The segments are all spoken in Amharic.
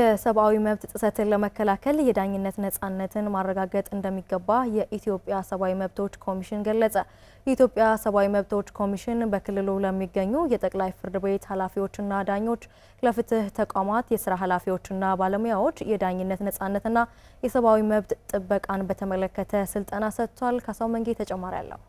የሰብአዊ መብት ጥሰትን ለመከላከል የዳኝነት ነጻነትን ማረጋገጥ እንደሚገባ የኢትዮጵያ ሰብአዊ መብቶች ኮሚሽን ገለጸ። የኢትዮጵያ ሰብአዊ መብቶች ኮሚሽን በክልሉ ለሚገኙ የጠቅላይ ፍርድ ቤት ኃላፊዎችና ዳኞች፣ ለፍትህ ተቋማት የስራ ኃላፊዎችና ባለሙያዎች የዳኝነት ነጻነትና የሰብአዊ መብት ጥበቃን በተመለከተ ስልጠና ሰጥቷል። ካሳው መንጌ ተጨማሪ አለው።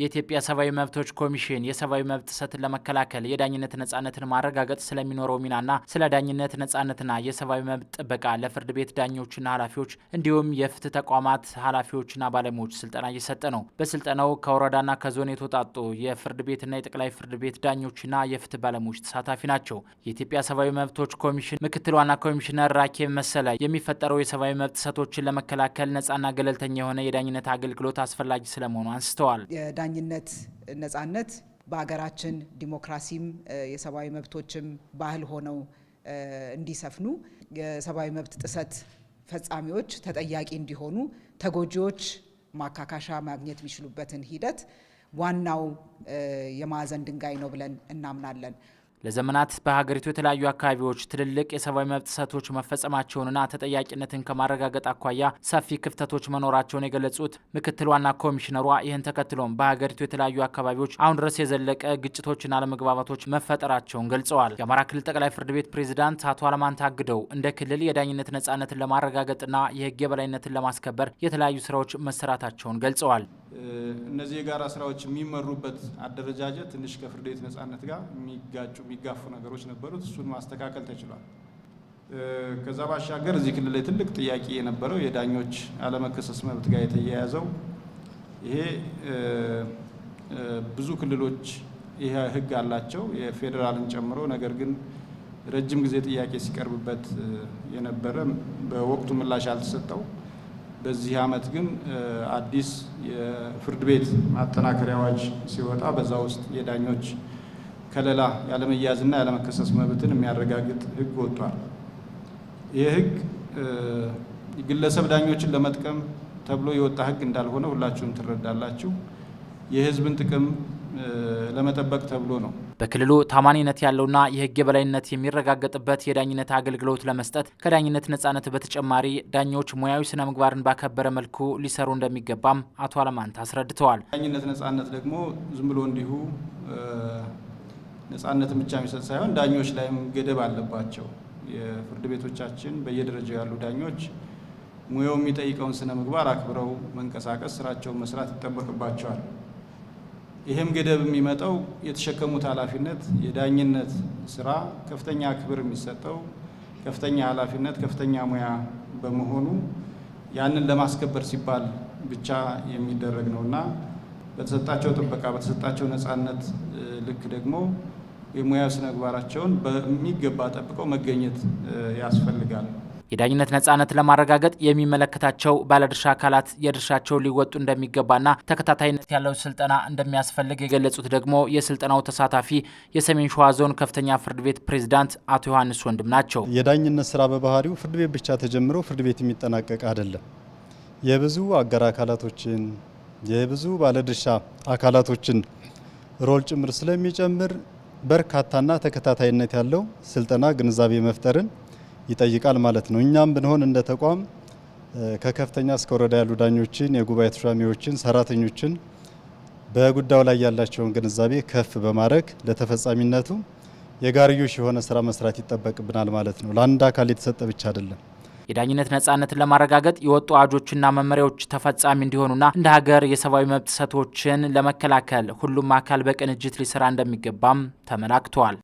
የኢትዮጵያ ሰብአዊ መብቶች ኮሚሽን የሰብአዊ መብት ጥሰትን ለመከላከል የዳኝነት ነጻነትን ማረጋገጥ ስለሚኖረው ሚናና ስለ ዳኝነት ነጻነትና የሰብአዊ መብት ጥበቃ ለፍርድ ቤት ዳኞችና ኃላፊዎች እንዲሁም የፍትህ ተቋማት ኃላፊዎችና ባለሙያዎች ስልጠና እየሰጠ ነው። በስልጠናው ከወረዳና ከዞን የተውጣጡ የፍርድ ቤትና የጠቅላይ ፍርድ ቤት ዳኞችና የፍትህ ባለሙያዎች ተሳታፊ ናቸው። የኢትዮጵያ ሰብአዊ መብቶች ኮሚሽን ምክትል ዋና ኮሚሽነር ራኬብ መሰለ የሚፈጠረው የሰብአዊ መብት ጥሰቶችን ለመከላከል ነጻና ገለልተኛ የሆነ የዳኝነት አገልግሎት አስፈላጊ ስለመሆኑ አንስተዋል። የዳኝነት ነጻነት በሀገራችን ዲሞክራሲም የሰብአዊ መብቶችም ባህል ሆነው እንዲሰፍኑ የሰብአዊ መብት ጥሰት ፈጻሚዎች ተጠያቂ እንዲሆኑ ተጎጂዎች ማካካሻ ማግኘት የሚችሉበትን ሂደት ዋናው የማዕዘን ድንጋይ ነው ብለን እናምናለን። ለዘመናት በሀገሪቱ የተለያዩ አካባቢዎች ትልልቅ የሰብአዊ መብት ጥሰቶች መፈጸማቸውንና ተጠያቂነትን ከማረጋገጥ አኳያ ሰፊ ክፍተቶች መኖራቸውን የገለጹት ምክትል ዋና ኮሚሽነሯ ይህን ተከትሎም በሀገሪቱ የተለያዩ አካባቢዎች አሁን ድረስ የዘለቀ ግጭቶችና አለመግባባቶች መፈጠራቸውን ገልጸዋል። የአማራ ክልል ጠቅላይ ፍርድ ቤት ፕሬዚዳንት አቶ አለማን አግደው እንደ ክልል የዳኝነት ነጻነትን ለማረጋገጥና የህግ የበላይነትን ለማስከበር የተለያዩ ስራዎች መሰራታቸውን ገልጸዋል። እነዚህ የጋራ ስራዎች የሚመሩበት አደረጃጀት ትንሽ ከፍርድ ቤት ነጻነት ጋር የሚጋጩ የሚጋፉ ነገሮች ነበሩት። እሱን ማስተካከል ተችሏል። ከዛ ባሻገር እዚህ ክልል ላይ ትልቅ ጥያቄ የነበረው የዳኞች አለመከሰስ መብት ጋር የተያያዘው ይሄ ብዙ ክልሎች ይህ ህግ አላቸው የፌዴራልን ጨምሮ። ነገር ግን ረጅም ጊዜ ጥያቄ ሲቀርብበት የነበረ በወቅቱ ምላሽ አልተሰጠው በዚህ ዓመት ግን አዲስ የፍርድ ቤት ማጠናከሪያ አዋጅ ሲወጣ በዛ ውስጥ የዳኞች ከለላ ያለመያዝና ያለመከሰስ መብትን የሚያረጋግጥ ሕግ ወጥቷል። ይህ ሕግ ግለሰብ ዳኞችን ለመጥቀም ተብሎ የወጣ ሕግ እንዳልሆነ ሁላችሁም ትረዳላችሁ። የሕዝብን ጥቅም ለመጠበቅ ተብሎ ነው። በክልሉ ታማኒነት ያለውና የህግ የበላይነት የሚረጋገጥበት የዳኝነት አገልግሎት ለመስጠት ከዳኝነት ነጻነት በተጨማሪ ዳኞች ሙያዊ ስነ ምግባርን ባከበረ መልኩ ሊሰሩ እንደሚገባም አቶ አለማንት አስረድተዋል። ዳኝነት ነጻነት ደግሞ ዝም ብሎ እንዲሁ ነጻነት ብቻ የሚሰጥ ሳይሆን ዳኞች ላይም ገደብ አለባቸው። የፍርድ ቤቶቻችን በየደረጃው ያሉ ዳኞች ሙያው የሚጠይቀውን ስነ ምግባር አክብረው መንቀሳቀስ፣ ስራቸውን መስራት ይጠበቅባቸዋል። ይህም ገደብ የሚመጣው የተሸከሙት ኃላፊነት የዳኝነት ስራ ከፍተኛ ክብር የሚሰጠው ከፍተኛ ኃላፊነት ከፍተኛ ሙያ በመሆኑ ያንን ለማስከበር ሲባል ብቻ የሚደረግ ነው እና በተሰጣቸው ጥበቃ በተሰጣቸው ነፃነት ልክ ደግሞ የሙያ ስነ ምግባራቸውን በሚገባ ጠብቀው መገኘት ያስፈልጋል። የዳኝነት ነጻነት ለማረጋገጥ የሚመለከታቸው ባለድርሻ አካላት የድርሻቸውን ሊወጡ እንደሚገባና ተከታታይነት ያለው ስልጠና እንደሚያስፈልግ የገለጹት ደግሞ የስልጠናው ተሳታፊ የሰሜን ሸዋ ዞን ከፍተኛ ፍርድ ቤት ፕሬዝዳንት አቶ ዮሐንስ ወንድም ናቸው። የዳኝነት ስራ በባህሪው ፍርድ ቤት ብቻ ተጀምሮ ፍርድ ቤት የሚጠናቀቅ አይደለም። የብዙ አጋር አካላቶችን የብዙ ባለድርሻ አካላቶችን ሮል ጭምር ስለሚጨምር በርካታና ተከታታይነት ያለው ስልጠና ግንዛቤ መፍጠርን ይጠይቃል ማለት ነው። እኛም ብንሆን እንደ ተቋም ከከፍተኛ እስከ ወረዳ ያሉ ዳኞችን፣ የጉባኤ ተሿሚዎችን፣ ሰራተኞችን በጉዳዩ ላይ ያላቸውን ግንዛቤ ከፍ በማድረግ ለተፈጻሚነቱ የጋርዮሽ የሆነ ስራ መስራት ይጠበቅብናል ማለት ነው። ለአንድ አካል የተሰጠ ብቻ አይደለም። የዳኝነት ነጻነትን ለማረጋገጥ የወጡ አዋጆችና መመሪያዎች ተፈጻሚ እንዲሆኑና እንደ ሀገር የሰብአዊ መብት ጥሰቶችን ለመከላከል ሁሉም አካል በቅንጅት ሊሰራ እንደሚገባም ተመላክቷል።